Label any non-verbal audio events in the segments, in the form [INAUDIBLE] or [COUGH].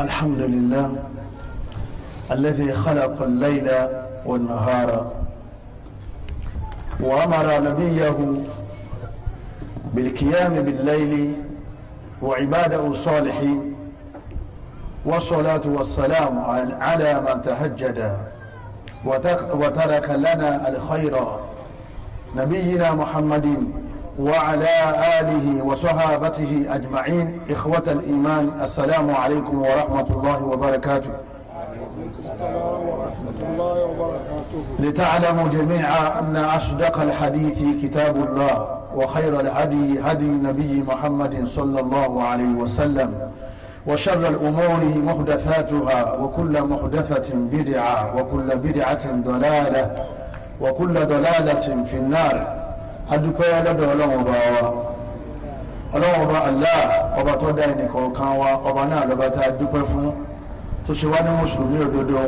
الحمد لله الذي خلق الليل والنهار وأمر نبيه بالقيام بالليل وعباده الصالحين والصلاة والسلام على من تهجد وترك لنا الخير نبينا محمد وعلى آله وصحابته أجمعين إخوة الإيمان السلام عليكم ورحمة الله وبركاته لتعلموا جميعا أن أصدق الحديث كتاب الله وخير الهدي هدي نبي محمد صلى الله عليه وسلم وشر الأمور محدثاتها وكل محدثة بدعة وكل بدعة ضلالة وكل ضلالة في النار adúpẹ́ lọ́dọ̀ ọlọ́run ọba wa ọlọ́run ọba Allah ọba tó dá ẹnìkọ̀ọ̀kan wa ọba náà lọ́ba tá a dúpẹ́ fún tó ṣe wá ní mùsùlùmí òdodo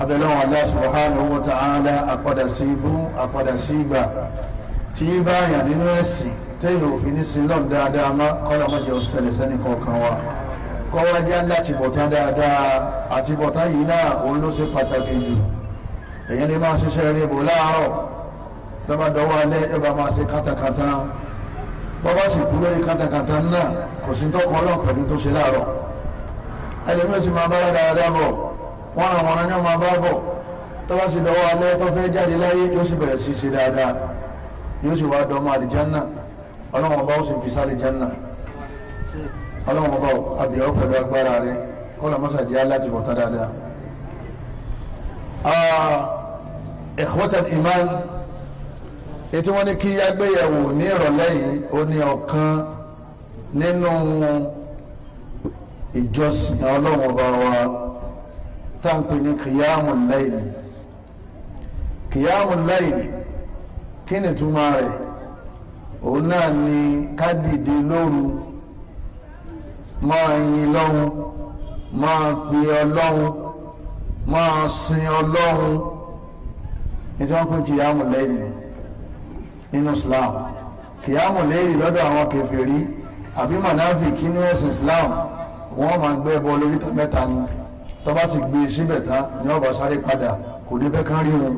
abẹ́lẹ́wọ̀n Allah subhanahu wa ta'ala àpadà sí ibú àpadà sí ìgbà tí í bá yàn nínú ẹ̀sìn téèyàn òfin ní sin lọ́n dáadáa má kọ́lá má jẹ́ ọ̀sẹ̀lẹ̀ sẹ́ni kọ̀ọ̀kan wa kọ́wá jẹ́ láti bọ̀tán dáadáa àti bọ̀tán yìí náà òun ló ṣe pàtàkì ni máa ṣiṣẹ́ rẹ̀ bò láàárọ̀ tọ́ba dọ́wọ́ alẹ́ ẹ bá máa ṣe kátàkátà bọ́bá sì kú lórí kátàkátà náà kò sí tó kọ́ lọ́n pẹ̀lú tó ṣe láàárọ̀ ẹlẹ́mìí sì máa bára dáadáa bọ̀ wọ́n àwọn ọ̀rọ̀ náà máa bá bọ̀ tọ́ba sì dọ́wọ́ alẹ́ tó fẹ́ jáde láyé yóò sì bẹ̀rẹ̀ sí ṣe dáadáa yóò sì wá dọ́mọ àlìjánná ọlọ́wọ́n bá ó sì fi sálì jánná ọlọ́wọ́n bá àbíọ́ pẹ̀lú agbára rẹ kọ́lá mọ́sàdí aláti bọ̀tá dáadáa. Ah, iman ètò wọn ni kí agbéyẹ̀wò ní ìrọ̀lẹ́ yìí ó ní ọ̀kan nínú ìjọsìn ọlọ́run ọba wa táǹpì ní kìyàmù lẹ́yìn kìyàmù lẹ́yìn kí ni túmọ̀ rẹ̀ òun náà ni ká dìde lóru máa yin lọ́hùn máa pe ọlọ́hun máa sin ọlọ́hun ètò wọn pé kìyàmù lẹ́yìn nínú Islam kìyàmù lẹ́yìn lọ́dọ̀ àwọn kèfèrí àbí mọ̀nàfíkì nínú ẹ̀sìn Islam wọ́n máa gbé ẹbọ lórí mẹ́ta ni tó bá ti gbé e síbẹ̀ tá ni wọ́n bá sáré padà kò ní fẹ́ kán rí wọn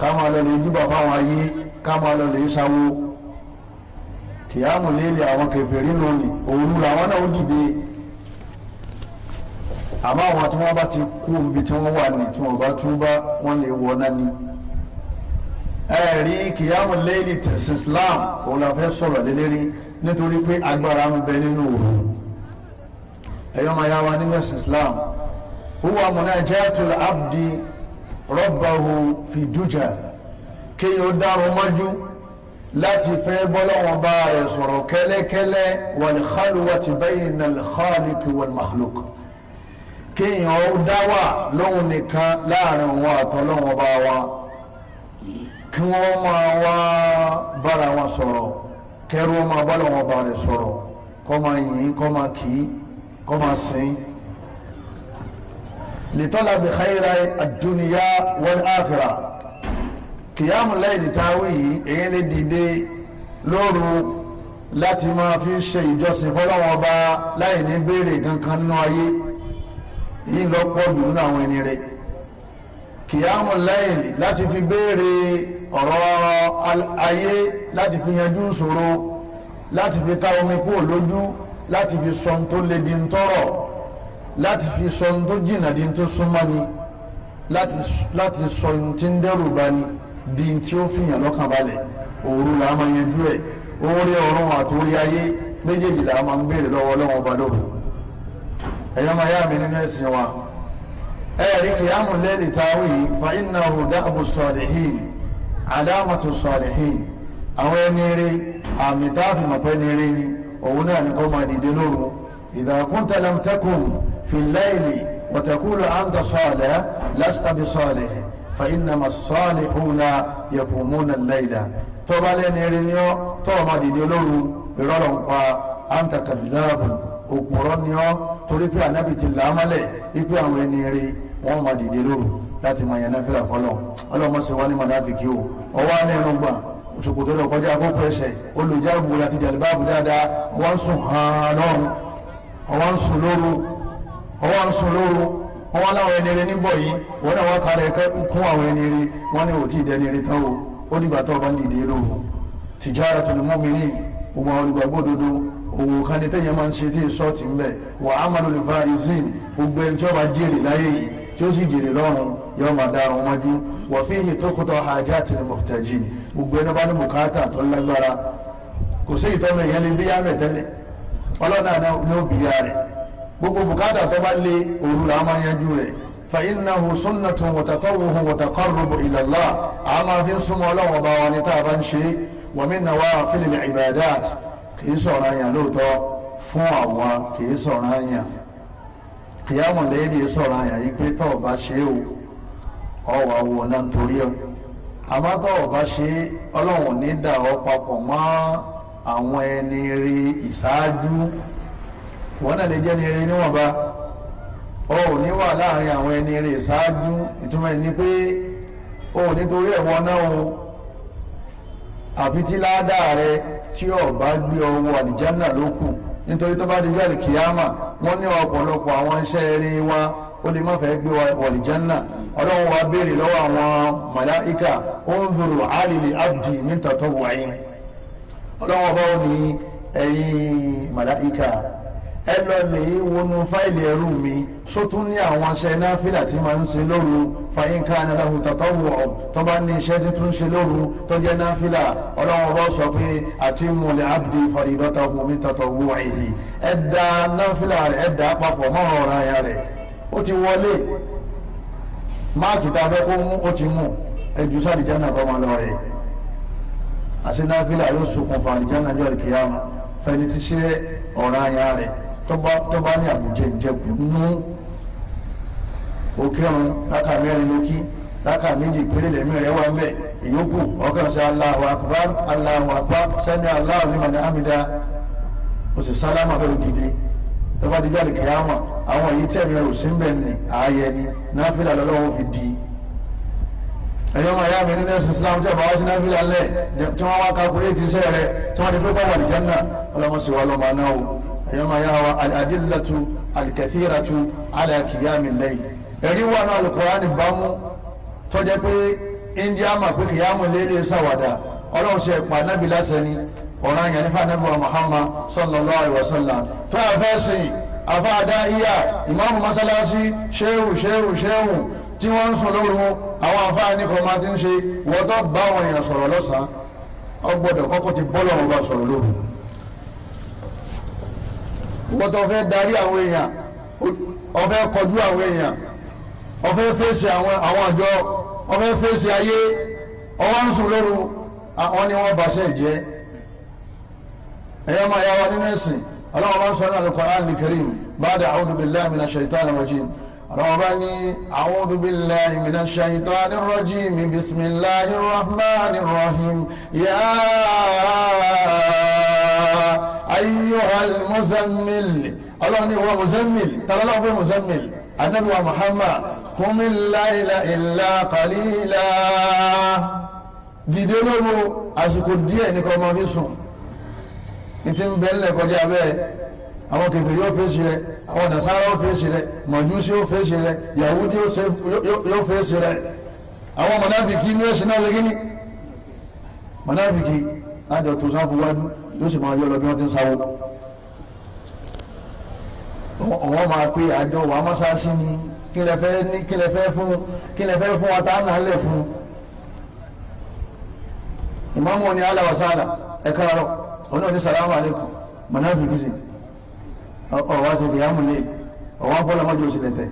ká máa lọ lè júbà fáwọn ayé ká máa lọ lè sáwó kìyàmù lẹ́yìn àwọn kèfèrí nù òru làwọn náà ó dìde àmọ́ àwọn tí wọ́n bá ti kú ibi tí wọ́n wà ní tí wọ́n bá túbá wọ́n lè wọ náà ni ẹ̀rí kìyàmù lẹ́yìn tẹ̀sán islam òun la fẹ́ sọ̀rọ̀ lélẹ́rí nítorí pé agbára ń bẹ nínú òru ẹ̀yọ́ máa yá wa nínú ẹ̀sìn islam huwa munajatul abdi rabbahu fi duja kéèyàn dárò mọ́jú láti fẹ́ bọ́lọ́wọ́n bá rẹ̀ sọ̀rọ̀ kẹ́lẹ́kẹ́lẹ́ wal khalwati bayna al khaliq wal makhluq kéèyàn dáwà lóhun nìkan láàrin òun àtọ́lọ́wọ́n bá wa kí wọ́n máa wá bára wọn sọ̀rọ̀ kẹ́rù wọn máa bára wọn bá rẹ̀ sọ̀rọ̀ kọ́ máa yìn kọ́ máa kì í kọ́ máa sìn. lìtọ́lá bi khayra ad-dunya wal-akhirah kìyàmù láyli táwí yìí èyí lè dìde lóru láti máa fi ṣe ìjọsìn fọlọ́wọ́n ọba láì ní béèrè kankan nínú ayé yìí lọ́pọ̀ dùn nínú àwọn ẹni rẹ̀ kìyàmù láìlì láti fi béèrè ọ̀rọ̀ ayé láti fi yanjú ìṣòro láti fi ká omi kúrò lójú láti fi sọ tó le di ntọ́rọ̀ láti fi sọ tó jìnnà di tó súnmọ́ ni láti sọ tí ń dẹ́rù bá ni di tí ó fìyàn lọ́kàn balẹ̀ òru là á máa yanjú ẹ̀ oore ọ̀run àtòrí ayé méjèèjì là máa ń béèrè lọ́wọ́ ọlọ́wọ́ ọba lóru ẹ̀yọ́ máa yá mi nínú ẹ̀sìn wa ẹ̀rí kìyàmù lẹ́lì táwí fa iná hùdá àbù sọ̀rìhìn alámàtò sọ̀rìhìn àwọn ẹni rí àmì táàfì mọ̀pẹ́ ni rí ni òun náà ní kọ́ máa dìde lóru ìdàkún tẹlẹmtẹkùn fìlẹ́ẹ̀lì wọ̀tẹ̀kúlù àǹdà sọ̀rẹ̀ lásìtàbí sọ̀rẹ̀ fa iná mà sọ̀rẹ̀ hùnà yẹ̀kùn múnà lẹ́yìnà tọ́ba lẹ́ni ni ọ́ tọ́ máa dìde lóru ìrọ̀lọ́ ń pa òpùrọ́ ni ọ́ torí pé ànábì ti là á mọ́lẹ̀ ipe àwọn ẹni rí wọ́n máa dìde lóru láti máa yànnà fìlà fọlọ́ ọlọ́mọ sì wá ní mọ̀nàfíkì o ọwọ́ ní irun gbà òṣòkòtò lọ kọjá kó pẹ́sẹ̀ olùjẹ́ ògùn àti jàdùbáàbù dáadáa ọwọ́ ń sùn hàn lọ́rùn ọwọ́ ń sùn lóru ọwọ́ ń sùn lóru ọwọ́ láwọn ẹni rí níbọ̀ yìí wọ́n náà wọ́n kára ẹ̀kẹ́ kún àwọn ẹni rí wọ́n ní òtí ìdẹ́ni rí tán o ó dìgbà tó ọba òwò kan ní tẹ́yìn máa ń ṣe tí ìṣọ́ọ̀tì ń bẹ̀ wà á máa lòlù fa ìsìn gbogbo ẹni tí ó bá jèrè láyé yìí tí ó sì jèrè lọ́run yóò máa dá àwọn ọmọdé wà fi hì tó kótó àti mọ̀tẹ́jì gbogbo ẹni bá ní bùkátà tó lágbára kò sí ìtọ́nu ìyẹn ní bíyà rẹ̀ tẹ́lẹ̀ ọlọ́nà ni ó rẹ̀ gbogbo bùkátà tó bá lé òru là máa yanjú rẹ̀ fàyínnahu sunnatu wàtàkọ́wùhù wàtàkọ́rùbù ilallah àmàfin súnmọ́ ọlọ́wọ́ bá wa ní tá bá ń ṣe wàmínà wà fílẹ̀ ìbàdàt kì í sọ̀rọ̀ àyàn lóòótọ́ fún àwa kì í sọ̀rọ̀ àyàn kìyàmù lẹ́yìn sọ̀rọ̀ àyàn yìí pé tọ́ ọba ṣe o ọwà wo náà torí ọ àmọ́ tọ́ ṣe dà ọ́ papọ̀ mọ́ àwọn ẹni rí ìṣáájú wọn náà lè jẹ́ ni rí níwọ̀nba ọ ò ní wà ẹni rí ìṣáájú ìtumọ̀ pé ò nítorí rẹ tí ó bá gbé ọwọ́ àlìjánà ló kù nítorí tó bá di gbàlè kìyàmà wọ́n ní ọ̀pọ̀lọpọ̀ àwọn iṣẹ́ eré wa ó lè má fẹ́ gbé abdi min tatawwu'in ọlọ́run ọba ò ní ẹ lọ lè wọnú fáìlì ẹrú mi sótún ní àwọn aṣẹ náfìlà tí màá ń ṣe lóru fàyínká anadáhùn tọ́tọ́ wù ọ́ tó ní iṣẹ́ títún ṣe lóru tó náfìlà ọlọ́wọ́ bá sọ pé àti abdi fàrídọ́tà fúnmi tọ́tọ́ wù ẹ̀yìn ẹ̀dá náfìlà rẹ̀ ẹ̀dá papọ̀ mọ́rọ̀ ọ̀rọ̀ ayá rẹ̀ ó ti wọlé máàkì tá a fẹ́ kó mú ó ti mú lọ náfìlà yóò tọ́ba tọ́ba ní àbújá ìjẹkù nú òkè ọ̀run láka mẹ́rin lókì láka méjì péré lẹ́mí rẹ̀ wá ń bẹ̀ ìyókù ọ̀kan sí Allahu akbar Allahu akbar sẹ́ni Allahu liman hamida oṣù sálámà bẹ́ẹ̀ dìde tọ́ba dìde àlìkìyàmà àwọn èyí tẹ̀ mí òsì ń bẹ̀ ní ààyè ni náfìlà lọ́wọ́ fi di ẹ̀yọ́ máa yá mi nínú ẹ̀sìn Islam tẹ̀ bá wá sí náfìlà lẹ̀ tí wọ́n wá kakuléètì iṣẹ́ rẹ̀ tí wọ́n ti pé bá wà ní Jánnà sì wà lọ́mọ náà o ẹ̀yọ́ máa yá wa al-adillatu al-kathiratu ala qiyamil layl ẹ̀rí wà náà al-Qur'ani bámú tọ́jẹ́ pé india mà pé qiyamul layl sàwádà ọlọ́run ṣe pa nábì lásán ni ọ̀ràn yẹn nípa nábì wa Muhammad sallallahu alayhi wa sallam tó a fẹ́ sìn afa adáhíyà ìmáàmù masalasi ṣéwù ṣéwù ṣéwù tí wọ́n ń sùn lóru àwọn afáàní kan máa ti ń ṣe wọ́n tó bá àwọn èèyàn sọ̀rọ̀ lọ́sàn-án ọgbọ́dọ̀ kọ́kọ́ ti bọ́ lọ́wọ́ bá sọ̀rọ̀ lóru wọ́n tó fẹ́ darí àwọn èèyàn ó fẹ́ kọjú àwọn èèyàn ó fẹ́ fèsì àwọn àjọ ó fẹ́ fèsì ayé ó wá ń sùn lóru àwọn ni wọ́n bàṣẹ jẹ́ ẹ̀yọ́ máa yá wa nínú ẹ̀sìn aláwọ̀ bá ń sọ ní Al-Qur'an Al-Karim ba'da a'udhu billahi minash shaitanir rajim aláwọ̀ bá ní a'udhu billahi minash shaitanir rajim bismillahir rahmanir rahim yáá ayyuhal muzammil ọlọ́run ní ìwọ muzammil tàbí ọlọ́run pé muzammil anabi wa muhammad kumi laila illa qalila dìde lóru àsìkò díẹ̀ ní kọ́mọ fi sùn ìtì ń bẹ ńlẹ̀ kọjá bẹ́ẹ̀ àwọn kèfèrí yóò fèsì rẹ àwọn nasara yóò fèsì rẹ mọ̀júsí yóò fèsì rẹ yahudi yóò fèsì rẹ àwọn mọ̀nàfìkì ní ẹ̀sìn náà lè gíní mọ̀nàfìkì àjọ tó sáfù wájú yóò sì máa yọ lọ bí wọ́n ti ń sáwó ọ̀wọ́n máa pe àjọ wàá mọ́ṣáláṣí ni kí lẹ fẹ́ ní kí lẹ fẹ́ fún kí lẹ fẹ́ fún wa tá a nà lẹ̀ fún ìmáàmù ni ala wa sala ẹ káàárọ̀ ọ̀nà ní salamu alaykum mọ̀nàfin kìsì ọ̀wá ṣe kìí àmúlẹ̀ ọ̀wá bọ́lá mọ́jọ́ òsì lẹ̀tẹ̀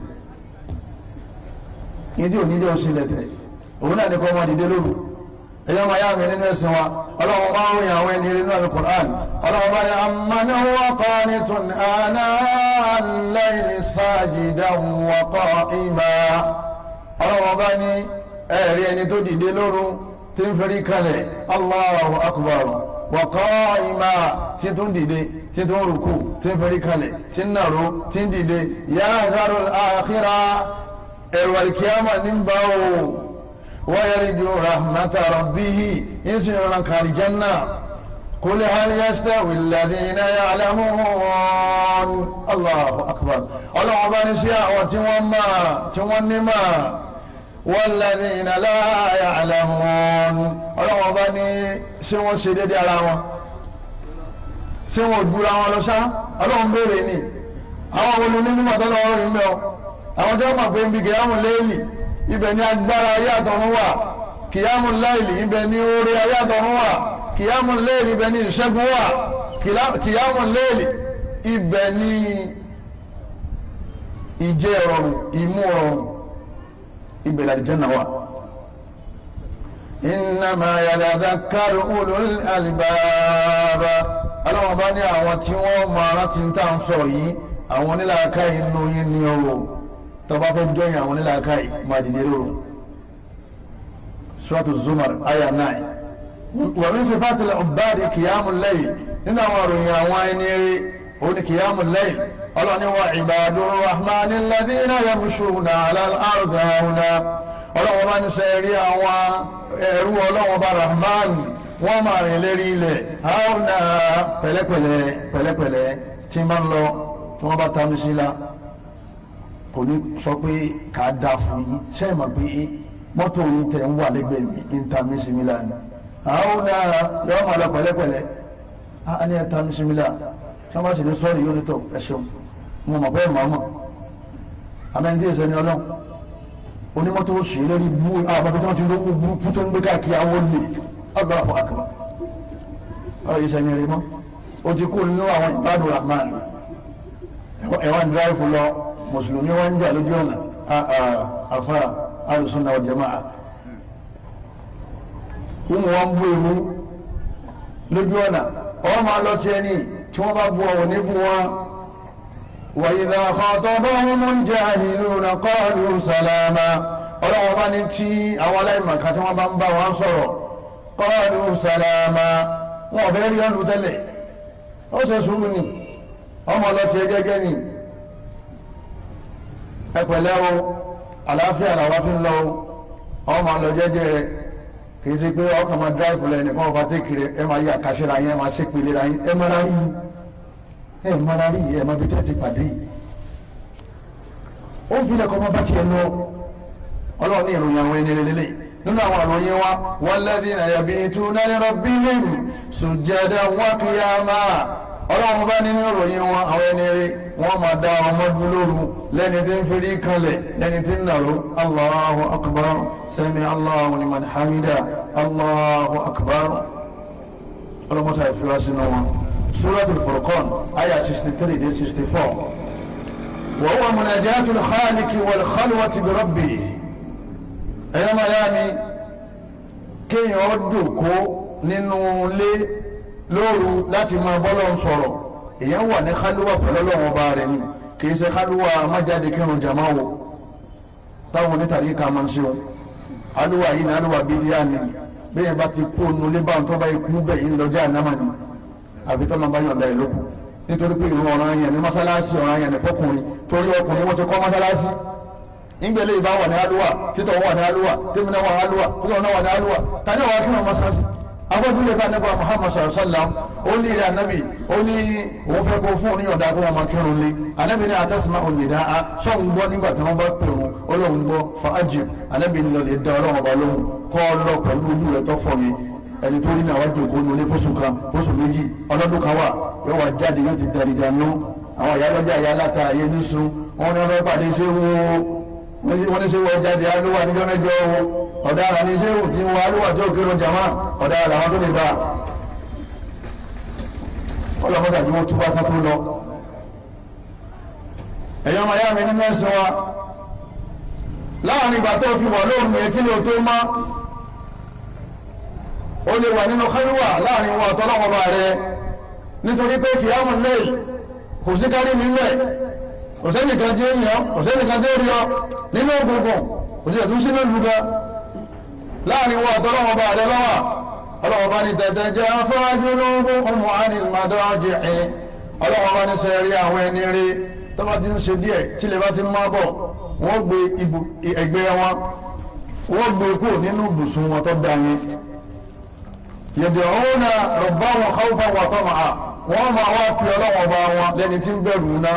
yìí tí ò ní jẹ́ òsì lẹ̀tẹ̀ òun náà ní kọ́ ọmọ dìde lóru ẹ̀yọ́ máa yá mi nínú ẹ̀sìn wa ọlọ́run bá ń ròyìn àwọn ẹni nínú alukur'an ọlọ́run bá ní amani wa qanitun ana al-layli sajidan wa qa'ima ọlọ́run bá ní ẹ̀rí ẹni tó dìde lóru tí ń fẹ́rí kalẹ̀ Allahu akbar wa qa'ima tí tún dìde tí tún rúkú tí ń fẹ́rí kalẹ̀ tí ń nàró tí ń dìde ya'dharu al-akhirah ẹ̀rù ní ń bá o. ويرجو رحمة ربه يسيرك الجنة قل هل يستوي الذين يعلمون الله أكبر الله أكبر نسيا وتوما توما والذين لا يعلمون الله أكبر سوى سيدي على ṣé wọn ò gbúra wọn lọ sá ọlọ́run béèrè ni àwọn olùnímọ̀ tọ́lọ́ yìí ń bẹ̀ ọ́ àwọn tí wọ́n mọ̀ pé ń bi gẹ̀ẹ́mù léèlì ibẹ̀ ni agbára ayé àtọ̀run wà kìyàmù láìlì ibẹ̀ ni oore ayé àtọ̀run wà kìyàmù léèlì ibẹ̀ ni ìṣẹ́gun wà kìyàmù léèlì ibẹ̀ ni ìjẹ́ ọ̀rọ̀rùn ìmú ọ̀rọ̀rùn ibẹ̀ ni àlìjẹ́nà wà. innama yadhakkaru ulul albab aláwọ̀ bá ní àwọn tí wọ́n máa rántí ń tà ń sọ yìí àwọn onílàáká inú yín ni ọ̀rọ̀ tọba fẹ́ jọyìn àwọn nílà káì máa dìde lóru suratu zumar aya nine wa min sifatil ubbadi qiyamul layl nínú àwọn àròyìn àwọn ẹni rí òun ni qiyamul layl ọlọ́ni wa ibadur rahmani alladhina yamshuna ala al-ardi hauna ọlọ́wọ́n bá ń sẹ rí àwọn ẹrú ọlọ́wọ́n bá rahman wọ́n máa rìn lérí ilẹ̀ hauna pẹ̀lẹ́pẹ̀lẹ́ pẹ̀lẹ́pẹ̀lẹ́ tí ń bá ń lọ tí wọ́n bá tanú sí la kò ní sọ pé kà á fún yín sẹ́yìn mọ̀ pé mọ́tò yín tẹ̀ ń wà lẹ́gbẹ̀ẹ́ mi ń ni àwọn náà yọ máa lọ pẹ̀lẹ́pẹ̀lẹ́ a ní ẹ̀ ta mí simila tí wọ́n bá sì ní sọ́ọ̀rì yóò ní tọ̀ ẹ̀ ṣeun mo mọ̀ bẹ́ẹ̀ mọ̀ mọ̀ amẹ́ndé ẹ̀sẹ̀ ni ọlọ́run onímọ́tò ṣe lórí bú àbábẹ́ tí wọ́n ti lówó burúkú tó ń gbé káàkiri àwọn olè Allahu akbar ọ̀rọ̀ ìṣẹ̀mí rẹ̀ mọ́ o ti kú nínú àwọn ìbádùn Rahman mùsùlùmí wa ń jà lójú ọ̀nà àfa alùsùnà ọ̀jẹ̀máà ìmù wọn bú ewu lójú ọ̀nà ọ̀ máa lọ tiẹ̀ ní tí wọ́n bá bu ọ̀wọ̀ níbu wọn. wàyídà kọ́tọ́bọ́hún ń jẹ́ àhìlú na kọ́ọ̀lù sàlámà ọlọ́wọ́n bá ní tí àwọn aláìmọ̀ká tí wọ́n bá ń bá wọn sọ̀rọ̀ kọ́ọ̀lù sàlámà wọn ò fẹ́ rí ọ̀lù tẹ́lẹ̀ ó ṣe sùúrù ni ọmọ ọlọ́tí ẹgẹ́gẹ́ ni. ẹ pẹ̀lẹ́ o àlàáfíà làwa fi ń lọ o ọmọ lọ rẹ kì í ṣe pé ọkàn máa dráìfù lẹ nìkan ọba tẹ́kì ẹ máa yí àkàṣe ra yín ẹ máa ṣe pèlè ra yín ẹ máa yín ẹ máa yín ẹ máa bí ti pàdé yìí ó fi lẹ́kọ̀ọ́ máa bá tiẹ̀ lọ ọlọ́run ní ìròyìn àwọn ẹni lélẹ́lẹ́ nínú àwọn àròyìn ọlọ́run wọ́n máa dá ọmọ dúlóru lẹ́ni tí ń feri kanlẹ̀ lẹ́ni tí ń nàró Allahu akbar sami Allahu liman hamida Allahu akbar ọlọ́mọta ìfura sínú wọn suratul furqan aya sixty three dé sixty four wa huwa munajatul khaliqi wal khalwati bi rabbihi ẹ̀yọ́ mayami kéèyàn ó kó nínú ilé lóru láti máa bọ́lọ̀ sọ̀rọ̀ èèyàn wà ní kálíwà pẹ̀lú ọlọ́run ọba rẹ̀ ni kì í ṣe kálíwà májáde kírun jàmá wo táwọn onítàrí ká máa ń ṣe o alúwà yìí ní alúwà bíi díà ni bẹ́ẹ̀ bá ti kó nu lébà tó bá ikú bẹ̀ yìí lọ́jà ànámà ni àfi tọ́lọ́ bá yọ̀ǹda ẹ̀ lókun nítorí pé ìrún ọ̀ràn yẹn ní mọ́sálásí ọ̀ràn yẹn ní fọkùnrin torí ọkùnrin wọ́n ti kọ́ mọ́sálásí ìgbẹ́lẹ́ ìbá wà ní alúwà títọ̀ wà ní alúwà tẹ́mínà wà ní alúwà títọ̀ wà ní alúwà tani wà kí wọ́n mọ́sálásí agbẹ́bí lè ka nípa muhammad sallallahu Alaihi wa sallam ó ní ilé anabi ó ní òun fẹ́ kó fún òun ní ọ̀dà kó wọn máa kírun lé anabi ní atásímá òyìnbá a sọ̀hún gbọ́ nígbà tí wọ́n bá pè wọ́n ọlọ́hún gbọ́ fa ajib anabi ní lọ́ọ́ lè da ọlọ́hún ọba lóhùn kọ́ ọ lọ pẹ̀lú ojú rẹ̀ tó fọ̀ yẹn ẹni tó rí náà wá jòkó nu ilé fóṣù kan fóṣù méjì ọlọ́dún kan wà yóò ọ̀daràn ní sẹ́wù tí wọ́n alúwà tí ó kéré jama ọ̀daràn làwọn tó lè bá ọlọ́mọdà ni wọ́n túbọ̀ kan tó lọ. ẹ̀yọ́ ọmọ ayá mi nínú ẹ̀sìn wa láàrin ìgbà tó fi wà lóòrùn yẹn kí ni o tó má o lè wà nínú kẹ́rùwà láàrin wọn àtọ́lọ́wọ́ bá rẹ nítorí pé kìyàmù lẹ́yìn kò sí kárí mi lẹ̀ kò sẹ́nìkan tí ó yàn kò sẹ́nìkan tí ó rí ọ nínú òkùnkùn kò sí ẹ̀tún sínú ìlú gan láàrin wọn àtọ́lọ́wọ́n bá rẹ lọ́wọ́ ọlọ́wọ́n bá ní tẹ̀tẹ̀ jẹ́ afọ́jú lóògùn ọmọ ànìmọ́dọ́ jẹ́ ẹ ọlọ́wọ́n bá ní sẹ́rí àwọn ẹni rí tọ́ba ti ń ṣe díẹ̀ tílẹ̀ bá ti máa bọ̀ wọ́n gbé ẹgbẹ́ wọn wọ́n gbé kúrò nínú ibùsùn wọn tó dá yẹn yẹ̀dẹ̀rúnà rọ̀báwọn káwọ́fà wàtọ́mà á wọ́n máa wá pe ọlọ́wọ́n bá wọn lẹ́ni tí ń bẹ̀rù náà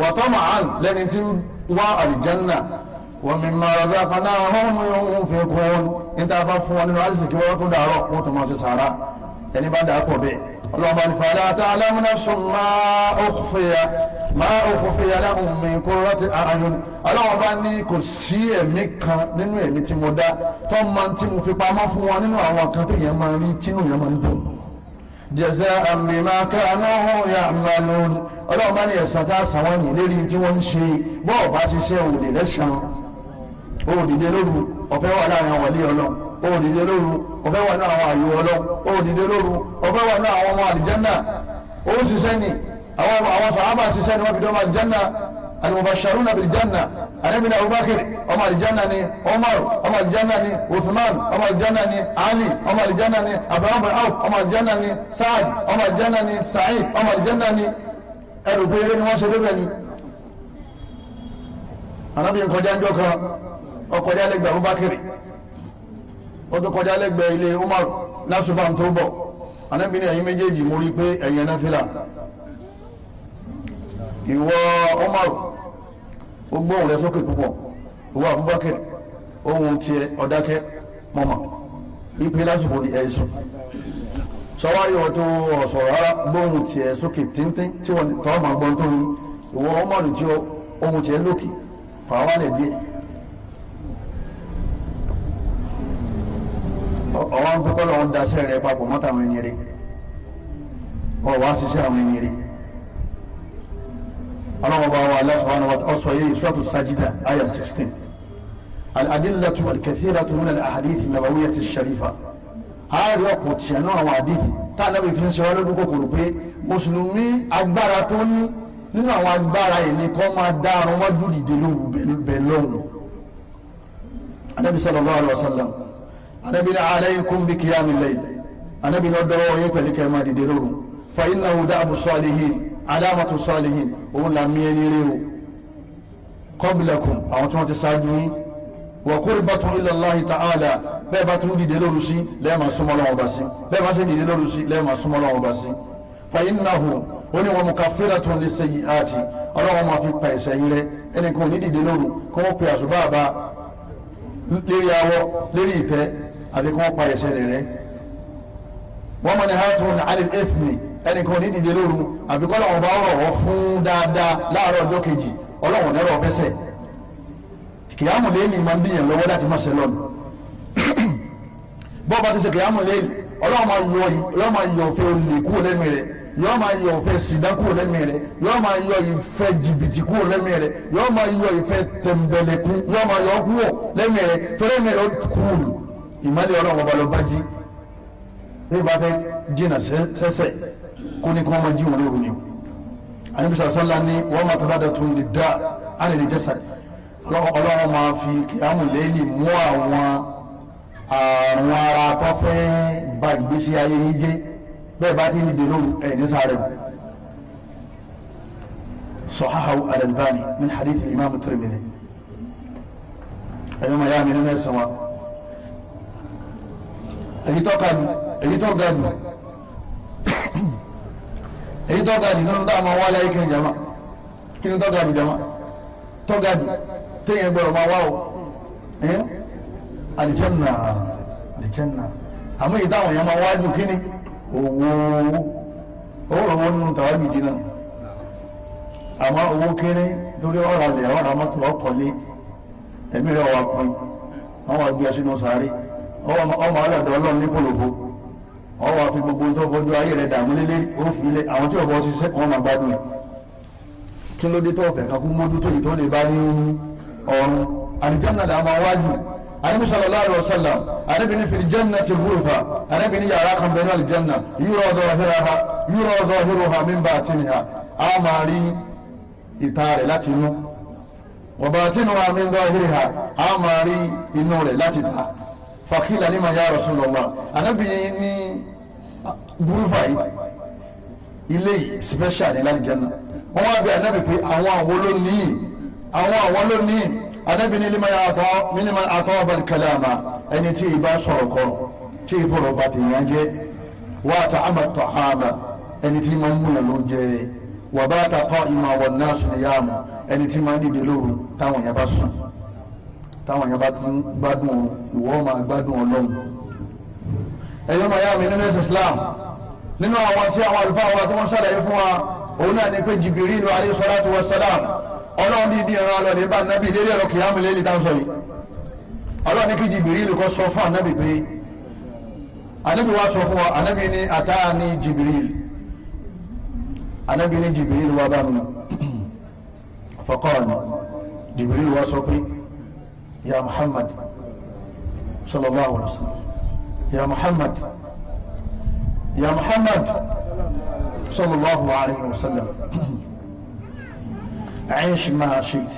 wàtọ́mà á lẹ́ni tí ń wá àlìjánná ومما رزقناهم ينفقون انت عفوا ان رزقك وقت دارو موت ما سارا يعني بعد اكو بي اللهم فلا تعلم نفس ما اخفي ما اخفي لهم من قرة اعين ọlọ́wọ́n bá ní kò sí ẹ̀mí kan nínú ẹ̀mí tí mo dá tó máa ń tí mo fi pamọ́ fún wọn nínú àwọn kan tó yẹn máa ń rí tínú yẹn máa ń dùn. jaza'an bima kanu ya'malun òdìdé lóru ọ̀fẹ́ wà láàrin àwọn wàlíì ọlọ́run òdìdé lóru ọ̀fẹ́ wà láàrin àwọn àyò ọlọ́run òdìdé lóru ọ̀fẹ́ wà láàrin àwọn ọmọ àlìjánná ó ṣiṣẹ́ ni àwọn sàhábà ṣiṣẹ́ ni wọ́n fi dọ́mọ àlìjánná al-mubashsharuna bil-janna anabina abubakar ọmọ àlìjánná ni umar ọmọ àlìjánná ni usman ọmọ àlìjánná ni ali ọmọ àlìjánná ni abraham auf ọmọ àlìjánná ni saad ọmọ àlìjánná ni sa'id ọmọ àlìjánná ni ẹrù ni wọ́n ṣe lébẹ̀ ni anabi nkọjá njọ́ kan ọkọjá lẹ́gbẹ̀ẹ́ Abubakar ó tún kọjá lẹ́gbẹ̀ẹ́ ilé Umar lásùbà tó bọ anábìíní ẹ̀yin méjèèjì mo rí i pé ẹ̀yin ẹ̀ná fìlà ìwọ Umar ó gbóhùn rẹ sókè ìwọ ipe lásìkò ni ẹ̀ sùn sọwárí wọn tó ọ̀sọ̀ rárá gbóhùn tiẹ̀ sókè tíntín tí wọn tọ́ máa gbọ́n ìwọ ohun lókè fàwọn ń fẹ́ kọ́ lọ́wọ́ daṣẹ́ rẹ papọ̀ mọ́ta àwọn ẹni rẹ ọ wá ṣiṣẹ́ àwọn ẹni rẹ ọlọ́wọ́ bá wa Allah subhanahu wa ta'ala ọ̀sọ̀ yìí suratu sajida aya sixteen al-adillatu al-kathiratu min al-ahadith nabawiyyati sharifa ààrẹ ọ̀pọ̀ tiẹ̀ náà àwọn hadith tá a nábì fi ń ṣe wá pé mùsùlùmí agbára tó ní nínú àwọn agbára yìí ni kọ́ máa dá àrùn wájú dìde lóru bẹ́ẹ̀ lọ́hùn. anábì sallallahu alaihi anabi ní alaykum bi qiyamil layl anabi ní ọdọ́wọ́ yín pẹ̀lú kẹrìmà dìde lóru fa innahu da'bu salihin alamatu salihin òun là mí ẹni rí o qablakum àwọn tí wọ́n ti ṣáájú yín wa qurbatun ila Allahi ta'ala bẹ́ẹ̀ bá tún dìde lóru sí lẹ́ẹ̀ma súnmọ́ lọ́wọ́ bá sí bẹ́ẹ̀ bá sì dìde lóru sí lẹ́ẹ̀ma súnmọ́ lọ́wọ́ bá sí fa innahu ó ní wọn mú káfíńdà tó ń lé sẹ́yìn àti ọlọ́wọ́n máa fi pa ẹ̀ṣẹ̀ yín rẹ ẹnì kan ò ní dìde lóru kó wọ́n pe àṣùbà àbá lérí awọ lérí àbí kí wọ́n pa ẹ̀ṣẹ̀ rẹ̀ rẹ́ wọ́n mọ̀ ní hàtún alil ethni ẹnì kan ní dìde lóru àbí kọ́ làwọn bá rọ̀ wọ́n fún dáadáa láàárọ̀ ọjọ́ kejì ọlọ́wọ̀n nẹ́rọ̀ fẹsẹ̀ kìyàmù lẹ́yìn máa ń bíyàn lọ́wọ́ láti má ṣe lọ́nu bọ́ọ̀ bá ti ṣe kìyàmù lẹ́yìn ọlọ́wọ́n máa yọ máa yọ olè kúrò lẹ́nu rẹ̀ máa yọ sìdá kúrò rẹ̀ máa yọ ìfẹ́ jìbìtì kúrò rẹ̀ máa yọ ìfẹ́ tẹ̀m̀bẹ̀lẹ̀kú máa yọ kúrò ìmọ̀lẹ̀ ọlọ́run ọba ló bá jí bí wọ́n bá fẹ́ jìnnà sẹ́sẹ̀ kó ní kí wọ́n máa jí wọn lóru ni anibisa sọlá ní wọ́n máa tọ́lá dẹ̀ tún lè dá àlè lè jẹ́sà ọlọ́run máa fi kìámù lẹ́yìn mú àwọn àwọn ara tó fẹ́ ba ìgbésí ayé yín jẹ́ bẹ́ẹ̀ bá ti ń dè lóru ẹ̀ ní sáré sọ̀háhàwù al-Albani hadith imam Tirmidhi ẹ̀yọ́ màá yá mi nínú ẹ̀sán wa èyí tó ga jù èyí tó ga jù èyí tó ga jù nínú tá a máa wá láyé kí ni jama kí ni tó ga jù jama tó ga jù téèyàn gbọ́dọ̀ máa wá o alijanna alijanna àmọ́ èyí táwọn èèyàn máa wá jù kí ni owó owó owó nínú tàwájú dín náà àmọ́ owó kéré torí ọ̀rọ̀ àlẹ́ ọ̀rọ̀ àmọ́tò ọkọ̀lé ẹ̀mí rẹ̀ wà pín àwọn àgbẹ̀ sínú sáré ọmọ ọlọ́dọ̀ ọlọ́run ní polówó ọwọ́ àfi gbogbo tó fojú ayé rẹ̀ dààmú lélẹ́ òfin lé àwọn tí ọ̀bọ ṣiṣẹ́ kan máa gbádùn ẹ̀ kí ló dé tó ọ̀fẹ́ kakú mójú tó yìí tó lè bá ní ọ̀run àdìjọ́nà là máa wájú anabi sallallahu alaihi wa sallam anabi ni fil jannati ghurfa anabi ni yàrá kan bẹ̀rẹ̀ aljanna yúrọ̀ zahiraha yúrọ̀ zahiruha min batiniha a máa rí ìta rẹ̀ láti inú wa batinuha min zahiriha a máa rí inú rẹ̀ láti ta fakila ni ma ya Rasulullah anabi ni gurufa yi ilé yìí special ní lálìjẹ́nà wọ́n wá bí anabi pé àwọn àwọn ló ní àwọn àwọn ló ní anabi ni lima atọ́ minima atọ́ abali kalama ẹni tí ìbá sọ̀rọ̀ kọ́ tí ìfọ̀rọ̀ bá ti yàn jẹ́ wà á ta ama tọ̀ ama ẹni tí ma ń múyàn ló ń jẹ́ ta kọ́ ìmọ̀ àwọn náà sùn ní yàmù ẹni ma ń dìde lóru táwọn yẹn táwọn èèyàn bá ti ń gbádùn ọ ìwọ máa gbádùn ọlọ́run ẹ̀yọ́ màyá mi nínú ẹ̀sìn Islam nínú àwọn tí àwọn àlùfáà wa tí wọ́n ṣàlàyé fún wa òun náà ni pé Jibril alayhi salatu wa salam ọlọ́run dídí ẹ̀rọ alọ́ ní bá nábì lérí ẹ̀rọ kìyàmù lélẹ̀ tá à yìí ọlọ́run ní kí Jibril kọ́ sọ fún ànábì pé ànábì wa sọ fún wa ànábì ní àtàá ní Jibril ànábì ní Jibril wa bá mi [CLEARS THROAT] faqala Jibril wa sọ pé. يا محمد صلى الله عليه وسلم يا محمد يا محمد صلى الله عليه وسلم عيش ما شئت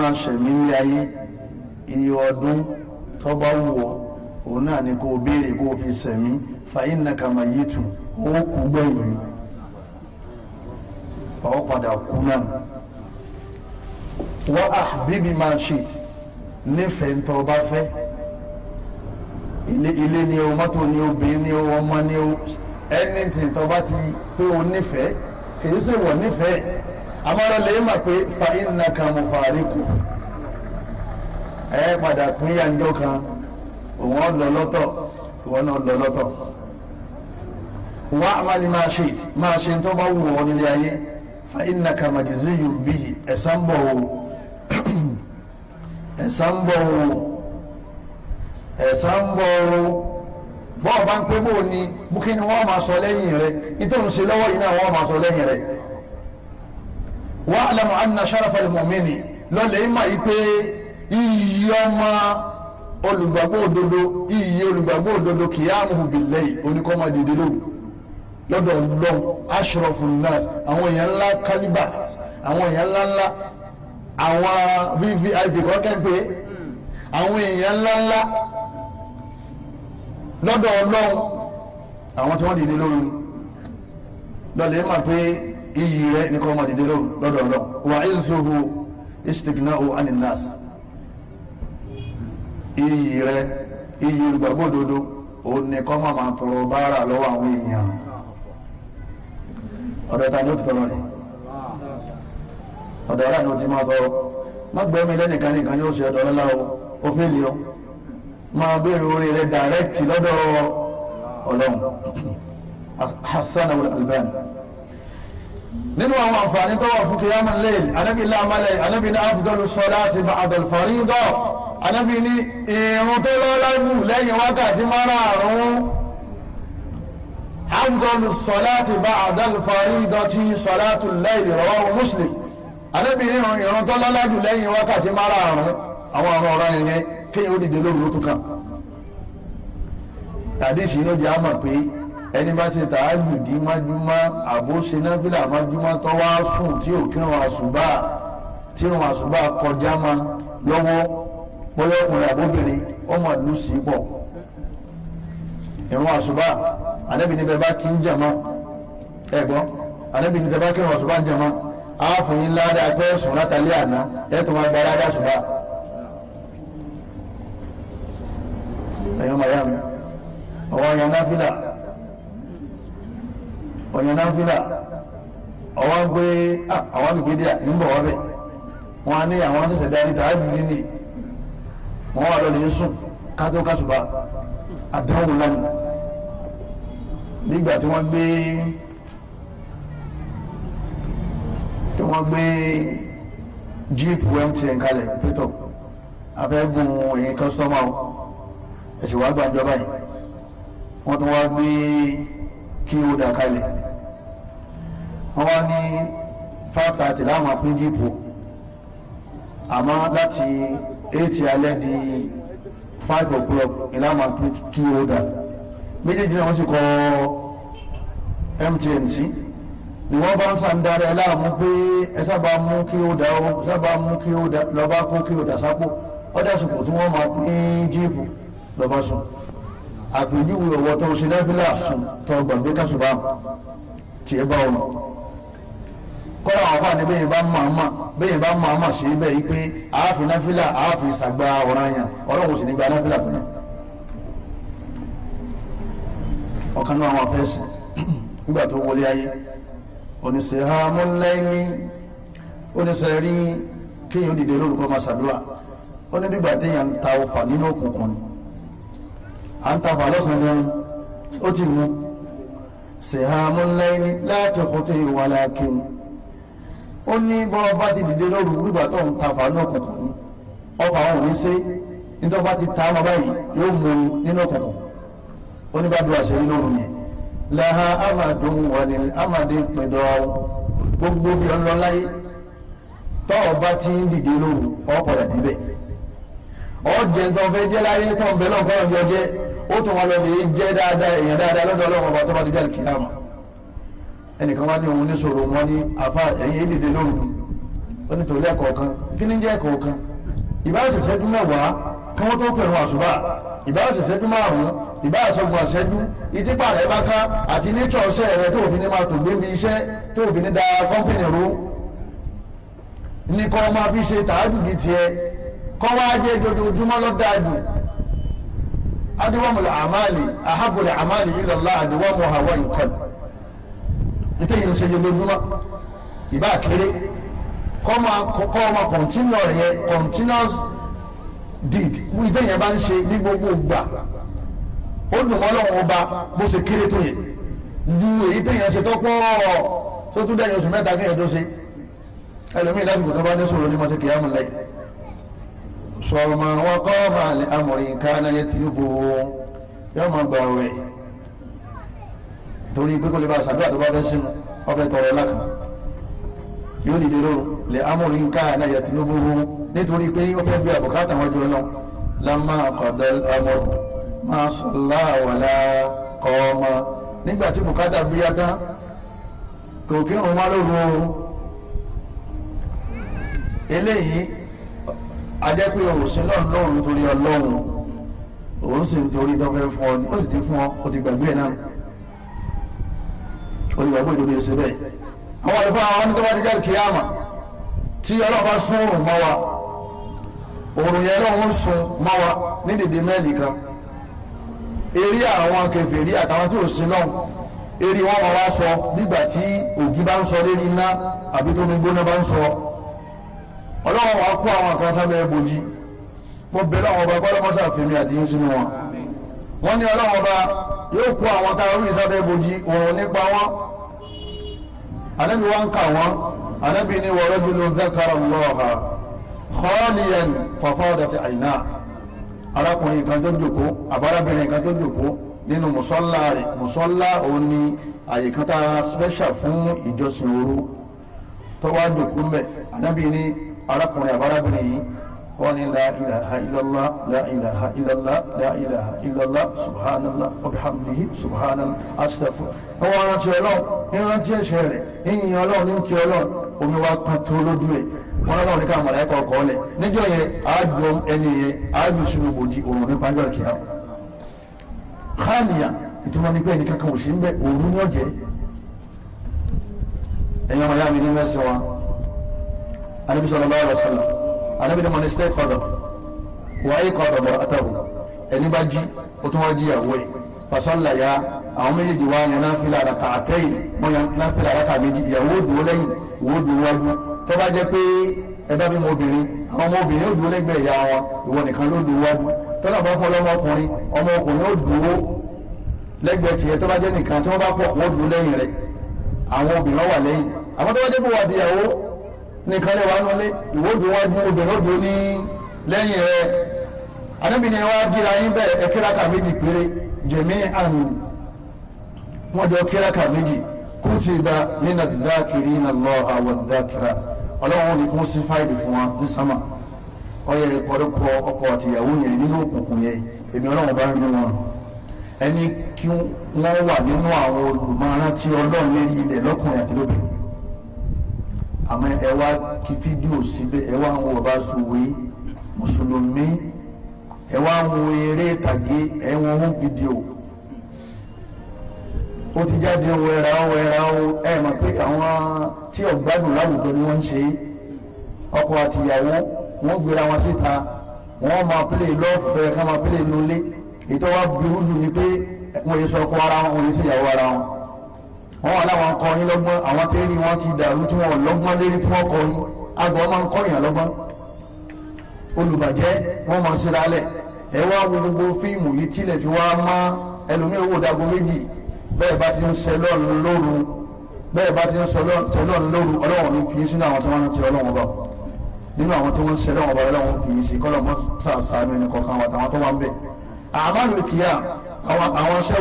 máa ṣẹ̀mí ilé ayé iye ọdún tó bá wù ọ́ òun náà ni kò béèrè kó o fi ṣẹ̀mí fa innaka mayitun ó kú gbẹ̀yìn mi. ọ padà kú náà wọ́n á bíbí máa ṣe nífẹ̀ẹ́ ntọ́ fẹ́ ilé ni o mọ́tò ni o bìnrin ni o ọmọ ni o anything tó ti pé o nífẹ̀ẹ́ kìí ṣe wọ̀ nífẹ̀ẹ́ amára lè mà pé fa iná kan mo fàárí kù ẹ padà pín yanjọ kan òun lọ lọ́tọ̀ òun náà lọ máa ṣe máa ṣe wù nílé ayé. fa inna kamajizi yunbi ẹ̀san bọ̀ o ẹ̀san bọ̀ o ẹ̀san bọ̀ o bọ́ọ̀ bá ń pé bó o ní bókè ni wọ́n máa sọ lẹ́yìn rẹ̀ nítorí ṣe lọ́wọ́ yìí náà wọ́n máa sọ lẹ́yìn rẹ̀ wa'lamu anna sharafa al-mu'mini lọ́lẹ̀ ìmọ̀ yìí pé iyì ọmọ olùgbàgbọ́ òdodo iyì olùgbàgbọ́ òdodo qiyamuhu bil-layl oníkọ́mọ́ dìde lọ́dọ̀ ọlọ́run ashrafun nas àwọn èèyàn ńlá kálíbà àwọn èèyàn ńlá ńlá àwọn vvip kọ́kẹ́pẹ́ àwọn èèyàn ńlá ńlá lọ́dọ̀ ọlọ́run àwọn tí wọ́n dìde lóru lọ́lẹ̀ mà pé iyì rẹ ní kọ́ máa dìde lóru lọ́dọ̀ ọlọ́run wà á ìzòwò istigna'u anin nas iyì rẹ iyì olùgbàgbọ́ òdodo òun ni kọ́ máa máa tọrọ báárà lọ́wọ́ àwọn èèyàn ọ̀dọ̀ ta ni ó ti tọrọ rẹ̀ ọ̀dọ̀ ọ̀la ni ó ti máa tọrọ má gbọ́ mi lẹ́nìkan nìkan yóò ṣe ọ̀dọ̀ ọ̀la o ó fẹ́ lè o máa béèrè orí rẹ̀ dàrẹ́kìtì lọ́dọ̀ ọlọ́run Hassan al-Albani nínú àwọn àǹfààní tó wà fún kìyàmù lẹ́yìn anábì lámàlẹ̀ anábì ní afdọ́lù sọ́láàtì ba'dal faridọ anábì ní irun tó lọ́lá jù lẹ́yìn wákàtí márùn-ún afdalu salati ba'dal faridati salatul layl rawahu muslim anábìrin ìrun tó lọ́lá jù lẹ́yìn wákàtí márààrún àwọn ọmọ ọ̀rọ̀ yẹn yẹn kí ó dìde lóru tó kàn tàdísì ló jẹ́ àmọ̀ pé ẹni bá ṣe tààjù dí májúmọ́ àbó ṣe náfìlà májúmọ́ tó wá sùn tí ò kírun àṣùbà tírun àṣùbà kọjá ma lọ́wọ́ bóyá ọkùnrin àbóbìnrin ọmọ ìlú sí pọ̀ ìrún àṣùbà ànábì ní bẹ́ẹ̀ bá kí ń jẹ̀mọ́ ẹ̀ gbọ́ ànábì ní bẹ́ẹ̀ bá kí ń àṣùbà ń jẹ̀mọ́ àáfò yín ládàá pé sùn látàlẹ́ àná ẹ̀ tó máa gba ládàá àṣùbà. ẹ̀yọ́ màyá mi ọ̀wọ́ ọ̀yàn náfìlà ọ̀yàn náfìlà ọ̀wọ́ gbé àwọn àgbègbè ń bọ̀ wọ́bẹ̀ wọn á ní àwọn àṣẹṣẹ̀ dáadé tààjù nínú wọn wà lọ́ọ́ lè sùn kátó kásùbà àdánwò lánàá nígbà tí wọ́n gbé tí wọ́n gbé jíìpù mtn kalẹ̀ pétọ̀ afẹ́gùn èyí kọ́sítọ́mà o ẹ̀sìn wàá gbàjọba yìí wọ́n tún wá gbé kí ó dà kalẹ̀ wọ́n wá ní five thirty láwọn apín jíìpù àmọ́ láti eight alẹ́ di five o'clock ìlànà kí ó dà méjèèjì náà wọ́n sì kọ́ MTN sí ni wọ́n bá ń sàǹdarí aláàmú pé ẹ sábà mú kí ó dà ó sábà mú kí ó dà lọ́ba kó kí ó dà sápò ọ̀dà sùpò tí wọ́n máa pín jíìpù lọ́ba sùn àpèjúwe ọ̀wọ́ tó ṣe náfìlà sùn tó gbàgbé kásùbà tiẹ̀ bá wọn. kọrọ àwọn fáwọn níbẹ̀ yẹn bá mọ̀ àmọ̀ bẹ́ẹ̀ yẹn bá mọ̀ àmọ̀ sí bẹ́ẹ̀ yìí pé àáfin náfìlà àáfin ìsàgbà ọ̀ràn yẹn ọlọ́run sì ní gba náfìlà tó yẹn. ọ̀kan náà wọn fẹ́ sìn nígbà tó wọlé ayé oníṣẹ́ amúlẹ́yìn oníṣẹ́ rí kéèyàn dìde lórúkọ máa ṣàdúrà ó ní ni à ti tó yẹ wà ó ní bọ́ọ̀ bá ti dìde lóru nígbà tó ń ta fàánù òkùnkùn ní ọfà nítorí ti ta ọmọ báyìí yóò mú un nínú òkùnkùn ó ṣe nínú òrùn yẹn lẹ́hà amadun wọ̀nì ti ń dìde lóru níbẹ̀ ń bẹ ọ̀jọ́ ó tún jẹ́ dáadáa èèyàn dáadáa lọ́dọ̀ ọlọ́run ẹnìkan wá ní òun ní sòrò wọn ní àfa ẹ̀yìn ìdìde lóru ó ní tòlẹ́ kọ̀ọ̀kan kí ni jẹ́ kọ̀ọ̀kan ìbáraṣẹ ìṣẹ́jú mẹ́wàá kí wọ́n tó pẹ̀rù àṣùbà ìbáraṣẹ ìṣẹ́jú márùn-ún ìbáraṣọgbọ̀n ìṣẹ́jú ìtìpá rẹ̀ bá ká àti nature ọ̀ṣẹ́ rẹ̀ tó fi ní máa tò gbé mi iṣẹ́ tó fi ní da kọ́ńpìnì ro ní kọ́ máa fi ṣe tààjù bíi tiẹ̀ kọ́ wá jẹ́ ojoojúmọ́ lọ́dáàjù adéwọ́mọ̀lẹ̀ àmàlì àhábọ̀lẹ̀ àmàlì ila Allah àdéwọ́mọ̀ nǹkan nítorí yẹn ń ṣe lójoojúmọ́ ìbá kéré kọ́ ọmọ kọ̀ntínú ọ̀rẹ́ continuous deed ìdẹ́ yẹn bá ń ṣe ní gbogbo ìgbà ó dùn mọ́ lọ́wọ́ ọba bó ṣe kéré tó yẹ ju èyí tẹ̀yìn ṣe tó pọ̀ ọ̀rọ̀ tó tún dẹ́yìn oṣù mẹ́ta kéèyàn tó ṣe ẹlòmíì lásìkò tó bá ní sọ̀rọ̀ ní mọ́tò kìyàmù láì sọ̀rọ̀ màá wọ́n kọ́ ọ̀rọ̀ àmọ̀rìn ká náà yẹ ti bò ó yọ torí pé kò lè bá sàdúrà tó bá fẹ́ sínú ọbẹ̀ tọrọ ọlá kan yóò dìde lóru lè amúrí nká àná yẹ tinubu hu nítorí pé ó fẹ́ bí àbùkátà wọn jọ náà lámà ọ̀dọ̀ ọmọ máa sọ láwọlá kọ́ ọmọ nígbà tí bùkátà bíyá tán kò kí òun wá lóru oorun eléyìí adẹ́pẹ́ òsín náà lọ́run torí ọlọ́run òun sì ń torí dọ́fẹ́ fún ọ ó sì ti fún ọ ó ti gbàgbé náà olùgbàgbọ́ òdodo yẹn ṣe bẹ́ẹ̀ àwọn àlùfáà àwọn ní tó bá dídá kìyàmà tí ọlọ́run bá sún òrùn mọ́ wa òrùn yẹn lọ́wọ́ ń sun mọ́ wa ní dèdè mẹ́ẹ̀lì kan eré àwọn kèfèrí àtàwọn tí ò sin lọ́hùn eré wọn máa wá sọ nígbà tí ògì bá ń sọ lérí iná àbí tómi gbóná bá ń sọ ọlọ́run wa kó àwọn kan sábẹ́ bòjì mo bẹ̀rẹ̀ àwọn ọba kọ́lọ́mọ́sá fèmí àti yín sínú wọn ní ọlọ́run ọba yóò kó àwọn táwọn ìsábẹ́ bòjì òrùn nípa wọn anabi wa ń kà anabi ni wa rajulun dhakara Allaha khaliyan fafadat àyìnà arákùnrin kan tó jòkó àbárabìnrin kan tó jòkó nínú mùsọ́lá rẹ̀ mùsọ́lá ni àyè kan tá a special fún ìjọsìn òru tó wá jòkó mbẹ anabi ni arákùnrin àbárabìnrin yìí wọ́n ní la ilaha illallah la ilaha illallah la ilaha illallah subhanallah wa bihamdihi subhanallah astaghfir. wọ́n wá rántí ọlọ́run ní rántí ẹ̀ṣẹ̀ rẹ̀ ìyìn ọlọ́run ní kí ọlọ́run omi wa kan tó lójú ẹ̀ wọ́n lọ́wọ́ ní káwọn mọ̀lẹ́kọ̀ ọkọ̀ ọ̀lẹ̀ níjọ́ yẹn àádùn ẹni yẹn àádùn sínú bòjì òun ní pàjọ́ kìá. khaliya ìtumọ̀ ní pé ẹnìkan kan ò sí ń bẹ òru jẹ́ ẹ̀yin yá mi ní mẹ́sàn-án anabi sallallahu alaihi wasallam anabi ni mọ̀nìsítẹ́ kọ́dọ̀ wàáyé kọ́dọ̀ bọ̀ àtàwọn ẹni bá jí ó tún wá jíyàwó ẹ̀ fasọ́là ya àwọn méjèèjì wá yan náfìlà àràkà àtẹ́yìn wọ́n yan náfìlà àràkà méjì ìyàwó dùn lẹ́yìn ìwó dùn wájú tó bá jẹ́ pé ẹ bá bí mo obìnrin àwọn ọmọ obìnrin ó dùn lẹ́gbẹ̀ẹ́ ìyá wọn ìwọ nìkan ló dùn wájú tọ́lá bá fọ́ lọ́mọ ọkùnrin ọmọ ọkùnrin ó dùn tiẹ̀ tó bá nìkan tí wọ́n bá pọ̀ kó dùn lẹ́yìn rẹ̀ àwọn obìnrin wà lẹ́yìn àwọn tó bá jẹ́ wà di ìyàwó nìkan lè wà nulẹ̀ ìwọ́dù wájú obìnrin odò ní lẹ́yìn rẹ̀ anábìnrin wa jíra yín bẹ́ẹ̀ ẹ kíráka méjì péré jẹ̀mí àrùn wọn jọ kíráka méjì kútìbà nínà dákìrì nà lọ àwọn dákìrà ọlọ́run ní kún sí fáìlì fún wa ní sámà ọyẹ ìkọ́dọ̀kọ ọkọ àtìyàwó yẹn nínú òkùnkùn yẹn èmi ọlọ́run bá rí wọn ẹni kí wọ́n wà nínú àwọn olùmọ̀ràn tí ọlọ́run ilẹ̀ lọ́kùnrin àti àmọ́ ẹ wá kí fídíò síbẹ̀ ẹ wá ń wo bàbá sùwé mùsùlùmí ẹ wá ń wo eré ìtàgé ẹ ń wo home video ó ti jáde owó ẹ̀rá owó ẹ̀rá owó ẹ mọ̀ pé àwọn tí ọ̀gbádùn láwùjọ ni wọ́n ń ṣe ọkọ àtìyàwó wọ́n gbéra wọn síta wọ́n máa pélé lọ́ọ̀fù tó yẹ ká máa pélé nulẹ̀ ètò wa burú jù ni pé wọ́n yẹ sọ ọkọ ara wọn wọ́n yẹ sẹ́yàwó ara wọn wọn wà láwọn kọ́ yín lọ́gbọ́n àwọn tí rí wọn ti dàrú tí wọn lọ́gbọ́n lérí tí wọn kọ́ yín àgọ́ máa ń kọ́ yàn lọ́gbọ́n olùbàjẹ́ wọn máa ṣera lẹ̀ ẹ wá wo gbogbo fíìmù yìí tilẹ̀ fi wá má ẹlòmíì owó dago méjì bẹ́ẹ̀ bá ti ń ṣe lọ́run lóru bẹ́ẹ̀ bá ti ń ṣe lọ́run lóru ọlọ́run ní fi í sínú àwọn tí wọ́n ti ọlọ́run bá nínú àwọn tí wọ́n ń ṣe lọ́run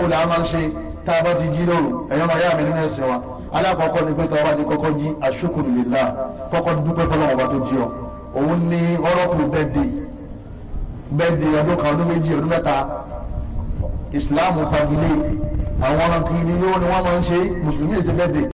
bá fi tá a bá ti jí lóru ẹ̀yọ́ máa yá mi nínú ẹ̀sìn wa alákọ̀ọ́kọ́ ni pé tá a bá ti kọ́kọ́ jí ashukuru lillah kọ́kọ́ dúpẹ́ fọlọ́wọ́n ọba tó jí ọ òun ní ọlọ́pù bẹ́ẹ̀dì bẹ́ẹ̀dì ọdún kan ọdún méjì ọdún mẹ́ta ìsìláàmù fagilé àwọn kiri yóò ni wọ́n máa ń ṣe mùsùlùmí èsì bẹ́ẹ̀dì